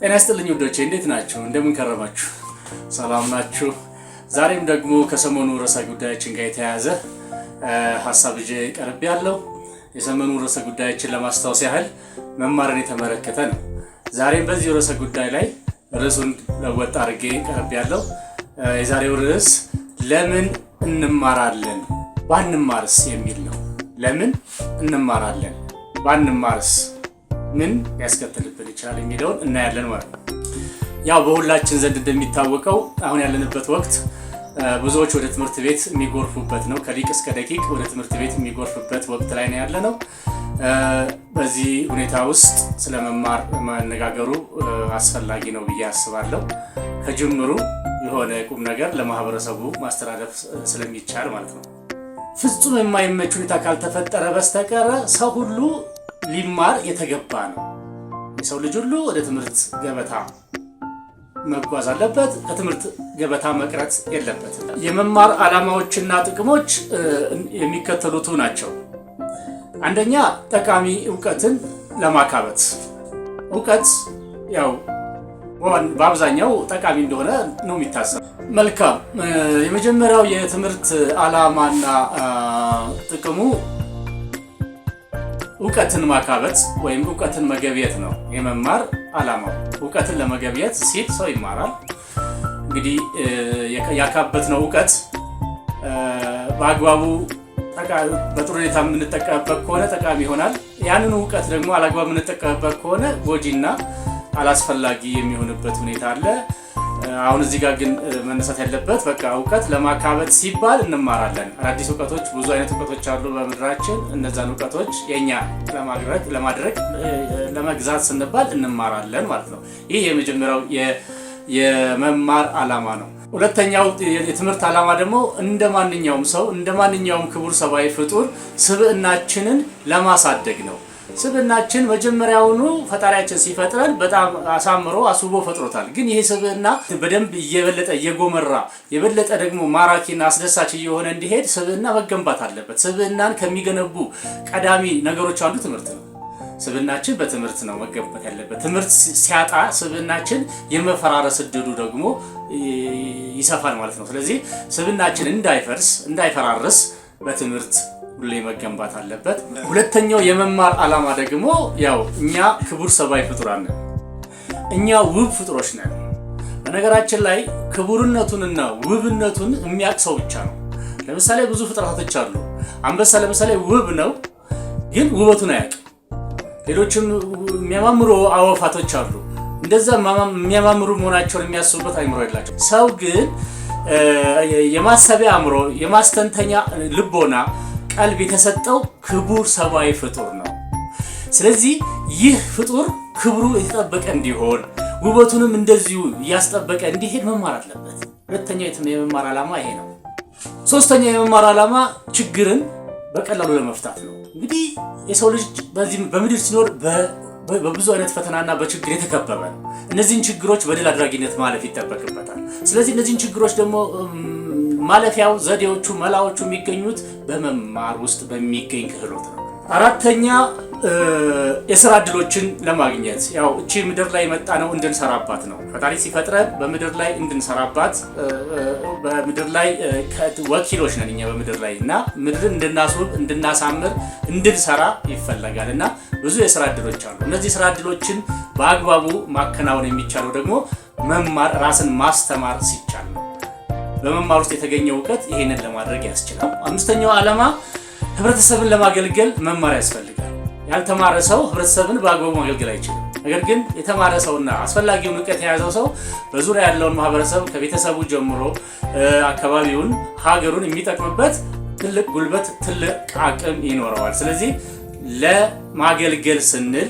ጤና ይስጥልኝ ውዶቼ፣ እንዴት ናችሁ? እንደምን ከረማችሁ? ሰላም ናችሁ? ዛሬም ደግሞ ከሰሞኑ ርዕሰ ጉዳያችን ጋር የተያያዘ ሀሳብ ይዤ ቀርብ ያለው የሰሞኑ ርዕሰ ጉዳያችን ለማስታወስ ያህል መማርን የተመለከተ ነው። ዛሬም በዚህ ርዕሰ ጉዳይ ላይ ርዕሱን ለወጥ አድርጌ ቀርብ ያለው የዛሬው ርዕስ ለምን እንማራለን ባንማርስ የሚል ነው። ለምን እንማራለን ባንማርስ ምን ሊያስከትልብን ይችላል የሚለውን እናያለን ማለት ነው። ያው በሁላችን ዘንድ እንደሚታወቀው አሁን ያለንበት ወቅት ብዙዎች ወደ ትምህርት ቤት የሚጎርፉበት ነው። ከሊቅ እስከ ደቂቅ ወደ ትምህርት ቤት የሚጎርፍበት ወቅት ላይ ነው ያለ ነው። በዚህ ሁኔታ ውስጥ ስለ መማር መነጋገሩ አስፈላጊ ነው ብዬ አስባለሁ። ከጅምሩ የሆነ ቁም ነገር ለማህበረሰቡ ማስተላለፍ ስለሚቻል ማለት ነው። ፍጹም የማይመች ሁኔታ ካልተፈጠረ በስተቀረ ሰው ሁሉ ሊማር የተገባ ነው። የሰው ልጅ ሁሉ ወደ ትምህርት ገበታ መጓዝ አለበት። ከትምህርት ገበታ መቅረት የለበትም። የመማር ዓላማዎችና ጥቅሞች የሚከተሉቱ ናቸው። አንደኛ ጠቃሚ እውቀትን ለማካበት። እውቀት ያው በአብዛኛው ጠቃሚ እንደሆነ ነው የሚታሰብ። መልካም። የመጀመሪያው የትምህርት ዓላማና ጥቅሙ እውቀትን ማካበት ወይም እውቀትን መገብየት ነው የመማር ዓላማው። እውቀትን ለመገብየት ሲል ሰው ይማራል። እንግዲህ ያካበትነው እውቀት በአግባቡ በጥሩ ሁኔታ የምንጠቀምበት ከሆነ ጠቃሚ ይሆናል። ያንን እውቀት ደግሞ አላግባብ የምንጠቀምበት ከሆነ ጎጂና አላስፈላጊ የሚሆንበት ሁኔታ አለ። አሁን እዚህ ጋር ግን መነሳት ያለበት በቃ እውቀት ለማካበት ሲባል እንማራለን። አዳዲስ እውቀቶች፣ ብዙ አይነት እውቀቶች አሉ በምድራችን። እነዛን እውቀቶች የኛ ለማድረግ ለማድረግ ለመግዛት ስንባል እንማራለን ማለት ነው። ይህ የመጀመሪያው የመማር ዓላማ ነው። ሁለተኛው የትምህርት ዓላማ ደግሞ እንደ ማንኛውም ሰው እንደ ማንኛውም ክቡር ሰብአዊ ፍጡር ስብዕናችንን ለማሳደግ ነው። ስብናችን መጀመሪያውኑ ፈጣሪያችን ሲፈጥረን በጣም አሳምሮ አስውቦ ፈጥሮታል። ግን ይሄ ስብና በደንብ እየበለጠ እየጎመራ የበለጠ ደግሞ ማራኪና አስደሳች እየሆነ እንዲሄድ ስብና መገንባት አለበት። ስብናን ከሚገነቡ ቀዳሚ ነገሮች አንዱ ትምህርት ነው። ስብናችን በትምህርት ነው መገንባት ያለበት። ትምህርት ሲያጣ ስብናችን የመፈራረስ እድሉ ደግሞ ይሰፋል ማለት ነው። ስለዚህ ስብናችን እንዳይፈርስ እንዳይፈራርስ በትምህርት ብሎ መገንባት አለበት። ሁለተኛው የመማር ዓላማ ደግሞ ያው እኛ ክቡር ሰብአዊ ፍጡራን ነን። እኛ ውብ ፍጡሮች ነን። በነገራችን ላይ ክቡርነቱንና ውብነቱን የሚያውቅ ሰው ብቻ ነው። ለምሳሌ ብዙ ፍጥረታቶች አሉ። አንበሳ ለምሳሌ ውብ ነው፣ ግን ውበቱን አያውቅም። ሌሎችም የሚያማምሩ አወፋቶች አሉ። እንደዛ የሚያማምሩ መሆናቸውን የሚያስቡበት አይምሮ የላቸው። ሰው ግን የማሰቢያ አእምሮ፣ የማስተንተኛ ልቦና ቀልብ የተሰጠው ክቡር ሰብአዊ ፍጡር ነው። ስለዚህ ይህ ፍጡር ክብሩ የተጠበቀ እንዲሆን ውበቱንም እንደዚሁ እያስጠበቀ እንዲሄድ መማር አለበት። ሁለተኛው የመማር ዓላማ ይሄ ነው። ሶስተኛ የመማር ዓላማ ችግርን በቀላሉ ለመፍታት ነው። እንግዲህ የሰው ልጅ በዚህ በምድር ሲኖር በብዙ አይነት ፈተናና በችግር የተከበበ ነው። እነዚህን ችግሮች በድል አድራጊነት ማለፍ ይጠበቅበታል። ስለዚህ እነዚህን ችግሮች ደግሞ ማለፊያው ዘዴዎቹ መላዎቹ የሚገኙት በመማር ውስጥ በሚገኝ ክህሎት ነው። አራተኛ የስራ እድሎችን ለማግኘት ያው እቺ ምድር ላይ የመጣ ነው እንድንሰራባት ነው። ፈጣሪ ሲፈጥረን በምድር ላይ እንድንሰራባት በምድር ላይ ወኪሎች ነን እኛ በምድር ላይ እና ምድርን እንድናስውብ፣ እንድናሳምር፣ እንድንሰራ ይፈለጋል እና ብዙ የስራ እድሎች አሉ። እነዚህ የስራ እድሎችን በአግባቡ ማከናወን የሚቻለው ደግሞ መማር ራስን ማስተማር ሲቻል በመማር ውስጥ የተገኘው እውቀት ይሄንን ለማድረግ ያስችላል። አምስተኛው ዓላማ ህብረተሰብን ለማገልገል መማር ያስፈልጋል። ያልተማረ ሰው ህብረተሰብን በአግባቡ ማገልገል አይችልም። ነገር ግን የተማረ ሰውና አስፈላጊውን እውቀት የያዘው ሰው በዙሪያ ያለውን ማህበረሰብ ከቤተሰቡ ጀምሮ አካባቢውን፣ ሀገሩን የሚጠቅምበት ትልቅ ጉልበት፣ ትልቅ አቅም ይኖረዋል። ስለዚህ ለማገልገል ስንል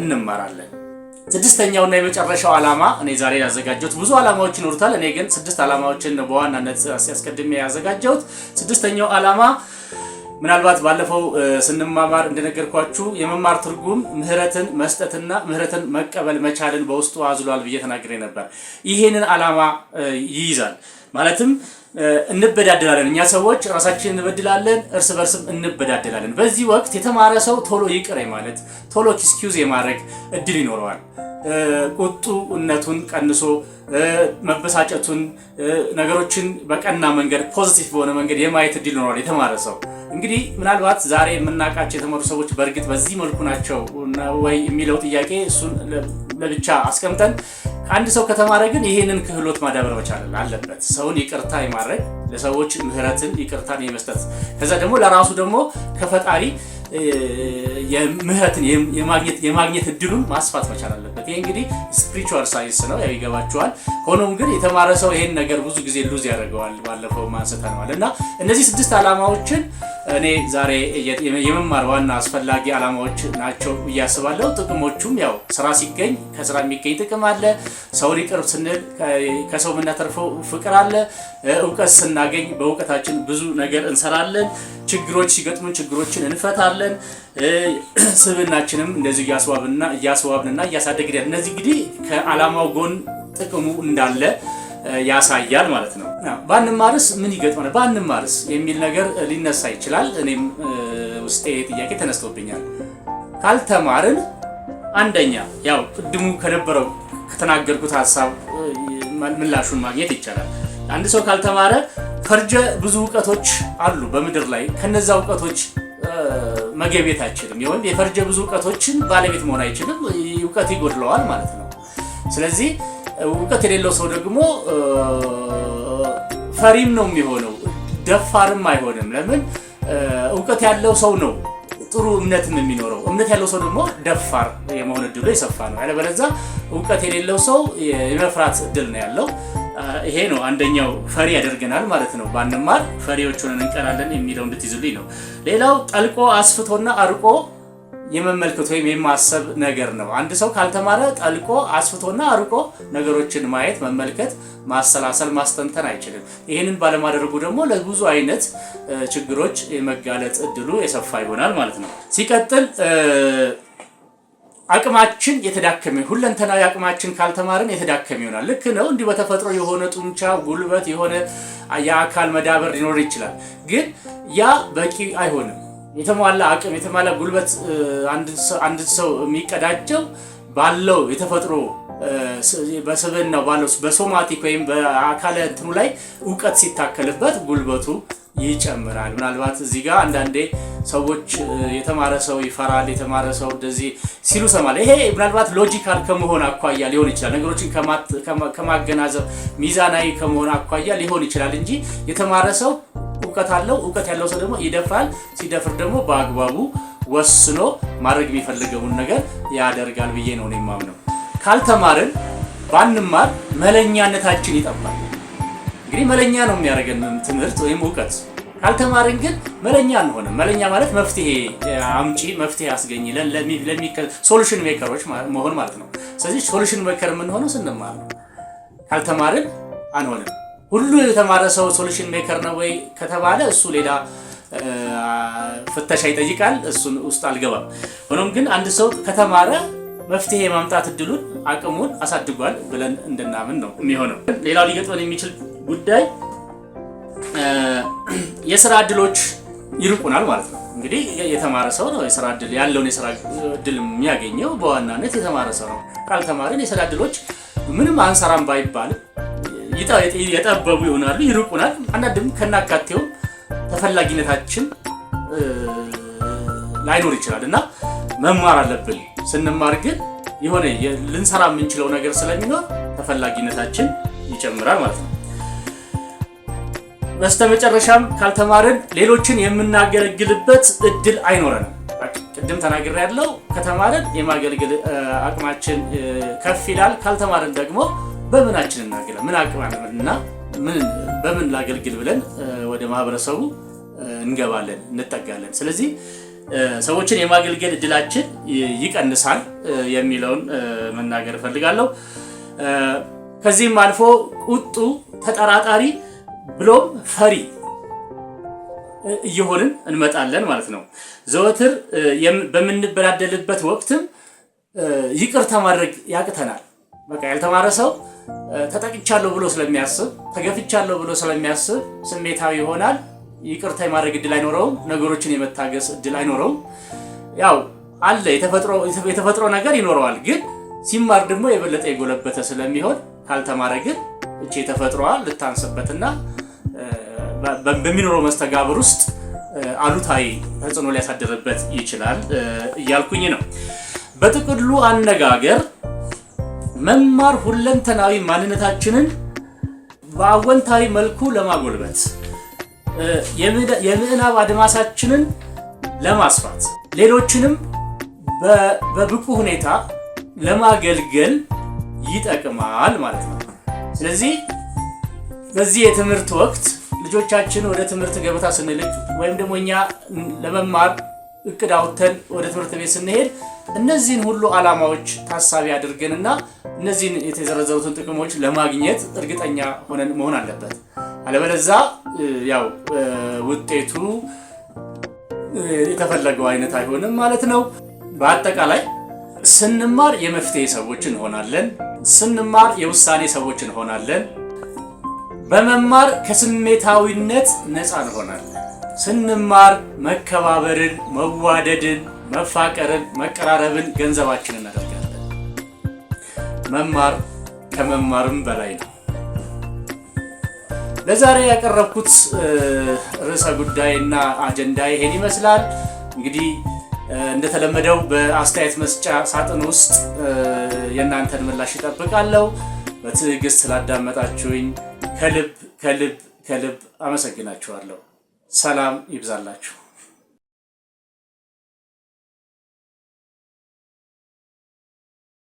እንማራለን። ስድስተኛውና የመጨረሻው ዓላማ እኔ ዛሬ ያዘጋጀሁት ብዙ ዓላማዎች ይኖሩታል። እኔ ግን ስድስት ዓላማዎችን በዋናነት ሲያስቀድሜ ያዘጋጀሁት ስድስተኛው ዓላማ ምናልባት ባለፈው ስንማማር እንደነገርኳችሁ የመማር ትርጉም ምህረትን መስጠትና ምህረትን መቀበል መቻልን በውስጡ አዝሏል ብዬ ተናግሬ ነበር። ይህንን ዓላማ ይይዛል። ማለትም እንበዳደላለን። እኛ ሰዎች ራሳችን እንበድላለን፣ እርስ በርስም እንበዳደላለን። በዚህ ወቅት የተማረ ሰው ቶሎ ይቅር ማለት ቶሎ ኪስኪውዝ የማድረግ እድል ይኖረዋል። ቁጡነቱን ቀንሶ መበሳጨቱን፣ ነገሮችን በቀና መንገድ ፖዚቲቭ በሆነ መንገድ የማየት እድል ይኖረዋል የተማረ ሰው። እንግዲህ ምናልባት ዛሬ የምናውቃቸው የተማሩ ሰዎች በእርግጥ በዚህ መልኩ ናቸው ወይ የሚለው ጥያቄ እሱን ለብቻ አስቀምጠን አንድ ሰው ከተማረ ግን ይሄንን ክህሎት ማዳበር መቻል አለበት። ሰውን ይቅርታ የማድረግ ለሰዎች ምህረትን፣ ይቅርታን የመስጠት ከዛ ደግሞ ለራሱ ደግሞ ከፈጣሪ የምህረትን የማግኘት እድሉን ማስፋት መቻል አለበት። ይህ እንግዲህ ስፒሪቹዋል ሳይንስ ነው፣ ያው ይገባቸዋል። ሆኖም ግን የተማረ ሰው ይህን ነገር ብዙ ጊዜ ሉዝ ያደርገዋል። ባለፈው አንስተነዋል እና እነዚህ ስድስት ዓላማዎችን እኔ ዛሬ የመማር ዋና አስፈላጊ ዓላማዎች ናቸው ብዬ አስባለሁ። ጥቅሞቹም ያው ስራ ሲገኝ ከስራ የሚገኝ ጥቅም አለ። ሰው ሊቀርብ ስንል ከሰው የምናተርፈው ፍቅር አለ። እውቀት ስናገኝ በእውቀታችን ብዙ ነገር እንሰራለን። ችግሮች ሲገጥሙን ችግሮችን እንፈታለን። ስብናችንም እንደዚህ እያስዋብና እያስዋብንና እያሳደግደን እነዚህ እንግዲህ ከዓላማው ጎን ጥቅሙ እንዳለ ያሳያል ማለት ነው። ባንማርስ ምን ይገጥመናል? ባንማርስ የሚል ነገር ሊነሳ ይችላል። እኔም ውስጤ ጥያቄ ተነስቶብኛል። ካልተማርን አንደኛ ያው ቅድሙ ከነበረው ከተናገርኩት ሀሳብ ምላሹን ማግኘት ይቻላል። አንድ ሰው ካልተማረ ፈርጀ ብዙ እውቀቶች አሉ በምድር ላይ ከነዚ እውቀቶች መገቤት አይችልም። ይሁን የፈርጀ ብዙ እውቀቶችን ባለቤት መሆን አይችልም። እውቀት ይጎድለዋል ማለት ነው። ስለዚህ እውቀት የሌለው ሰው ደግሞ ፈሪም ነው የሚሆነው፣ ደፋርም አይሆንም። ለምን? እውቀት ያለው ሰው ነው ጥሩ እምነትም የሚኖረው። እምነት ያለው ሰው ደግሞ ደፋር የመሆን እድሉ የሰፋ ነው። ያለበለዚያ እውቀት የሌለው ሰው የመፍራት እድል ነው ያለው። ይሄ ነው አንደኛው ፈሪ ያደርገናል ማለት ነው። ባንማር ፈሪዎች ሆነን እንቀራለን የሚለው እንድትይዙልኝ ነው። ሌላው ጠልቆ አስፍቶና አርቆ የመመልከት ወይም የማሰብ ነገር ነው። አንድ ሰው ካልተማረ ጠልቆ አስፍቶና አርቆ ነገሮችን ማየት፣ መመልከት፣ ማሰላሰል፣ ማስተንተን አይችልም። ይህንን ባለማድረጉ ደግሞ ለብዙ አይነት ችግሮች የመጋለጥ እድሉ የሰፋ ይሆናል ማለት ነው። ሲቀጥል አቅማችን የተዳከመ ሁለንተናዊ አቅማችን ካልተማርን የተዳከመ ይሆናል። ልክ ነው። እንዲህ በተፈጥሮ የሆነ ጡንቻ፣ ጉልበት፣ የሆነ የአካል መዳበር ሊኖር ይችላል። ግን ያ በቂ አይሆንም። የተሟላ አቅም የተሟላ ጉልበት አንድ ሰው የሚቀዳጀው ባለው የተፈጥሮ በስብናው ባለው በሶማቲክ ወይም በአካለ እንትኑ ላይ እውቀት ሲታከልበት ጉልበቱ ይጨምራል። ምናልባት እዚህ ጋር አንዳንዴ ሰዎች የተማረ ሰው ይፈራል፣ የተማረ ሰው እንደዚህ ሲሉ ሰማል። ይሄ ምናልባት ሎጂካል ከመሆን አኳያ ሊሆን ይችላል፣ ነገሮችን ከማገናዘብ ሚዛናዊ ከመሆን አኳያ ሊሆን ይችላል እንጂ የተማረ ሰው እውቀት አለው። እውቀት ያለው ሰው ደግሞ ይደፍራል፣ ሲደፍር ደግሞ በአግባቡ ወስኖ ማድረግ የሚፈልገውን ነገር ያደርጋል ብዬ ነው የማምነው። ካልተማርን ባንማር መለኛነታችን ይጠባል። እንግዲህ መለኛ ነው የሚያደርገን ትምህርት ወይም እውቀት። ካልተማርን ግን መለኛ አንሆንም። መለኛ ማለት መፍትሄ አምጪ፣ መፍትሄ አስገኝ፣ ሶሉሽን ሜከሮች መሆን ማለት ነው። ስለዚህ ሶሉሽን ሜከር የምንሆነው ስንማር ነው። ካልተማርን አንሆንም። ሁሉ የተማረ ሰው ሶሉሽን ሜከር ነው ወይ ከተባለ እሱ ሌላ ፍተሻ ይጠይቃል። እሱን ውስጥ አልገባም። ሆኖም ግን አንድ ሰው ከተማረ መፍትሄ የማምጣት እድሉን አቅሙን አሳድጓል ብለን እንድናምን ነው የሚሆነው። ሌላው ሊገጥመን የሚችል ጉዳይ የስራ እድሎች ይርቁናል ማለት ነው። እንግዲህ የተማረ ሰው ነው የስራ እድል ያለውን የስራ እድል የሚያገኘው በዋናነት የተማረ ሰው ነው። ካልተማርን የስራ እድሎች ምንም አንሰራም ባይባልም የጠበቡ ይሆናሉ፣ ይርቁናል። አንዳንድም ከናካቴውም ተፈላጊነታችን ላይኖር ይችላል እና መማር አለብን። ስንማር ግን የሆነ ልንሰራ የምንችለው ነገር ስለሚኖር ተፈላጊነታችን ይጨምራል ማለት ነው። በስተመጨረሻም ካልተማርን ሌሎችን የምናገለግልበት እድል አይኖረንም። ቅድም ተናግሬ ያለው ከተማርን የማገልገል አቅማችን ከፍ ይላል። ካልተማርን ደግሞ በምናችን እናገለ ምን አቅም አለምንና ምን በምን ላገልግል ብለን ወደ ማህበረሰቡ እንገባለን፣ እንጠጋለን። ስለዚህ ሰዎችን የማገልገል እድላችን ይቀንሳል የሚለውን መናገር እፈልጋለሁ። ከዚህም አልፎ ቁጡ፣ ተጠራጣሪ ብሎም ፈሪ እየሆንን እንመጣለን ማለት ነው። ዘወትር በምንበዳደልበት ወቅትም ይቅርታ ማድረግ ያቅተናል። በቃ ያልተማረ ሰው ተጠቅቻለሁ ብሎ ስለሚያስብ ተገፍቻለሁ ብሎ ስለሚያስብ ስሜታዊ ይሆናል። ይቅርታ የማድረግ እድል አይኖረውም። ነገሮችን የመታገስ እድል አይኖረውም። ያው አለ የተፈጥሮ ነገር ይኖረዋል፣ ግን ሲማር ደግሞ የበለጠ የጎለበተ ስለሚሆን ካልተማረ ግን እቺ የተፈጥሮዋ ልታንስበትና በሚኖረው መስተጋብር ውስጥ አሉታዊ ተጽዕኖ ሊያሳድርበት ይችላል እያልኩኝ ነው። በጥቅሉ አነጋገር መማር ሁለንተናዊ ማንነታችንን በአወንታዊ መልኩ ለማጎልበት የምዕናብ አድማሳችንን ለማስፋት ሌሎችንም በብቁ ሁኔታ ለማገልገል ይጠቅማል ማለት ነው። ስለዚህ በዚህ የትምህርት ወቅት ልጆቻችን ወደ ትምህርት ገበታ ስንልክ ወይም ደግሞ እኛ ለመማር እቅድ አውጥተን ወደ ትምህርት ቤት ስንሄድ እነዚህን ሁሉ ዓላማዎች ታሳቢ አድርገንና እነዚህን የተዘረዘሩትን ጥቅሞች ለማግኘት እርግጠኛ ሆነን መሆን አለበት። አለበለዛ ያው ውጤቱ የተፈለገው አይነት አይሆንም ማለት ነው። በአጠቃላይ ስንማር የመፍትሄ ሰዎች እንሆናለን። ስንማር የውሳኔ ሰዎች እንሆናለን። በመማር ከስሜታዊነት ነፃ እንሆናለን። ስንማር መከባበርን፣ መዋደድን፣ መፋቀርን፣ መቀራረብን ገንዘባችን እናደርጋለን። መማር ከመማርም በላይ ነው። ለዛሬ ያቀረብኩት ርዕሰ ጉዳይና አጀንዳ ይሄን ይመስላል። እንግዲህ እንደተለመደው በአስተያየት መስጫ ሳጥን ውስጥ የእናንተን ምላሽ ይጠብቃለሁ። በትዕግስት ስላዳመጣችሁኝ ከልብ ከልብ ከልብ አመሰግናችኋለሁ። ሰላም ይብዛላችሁ።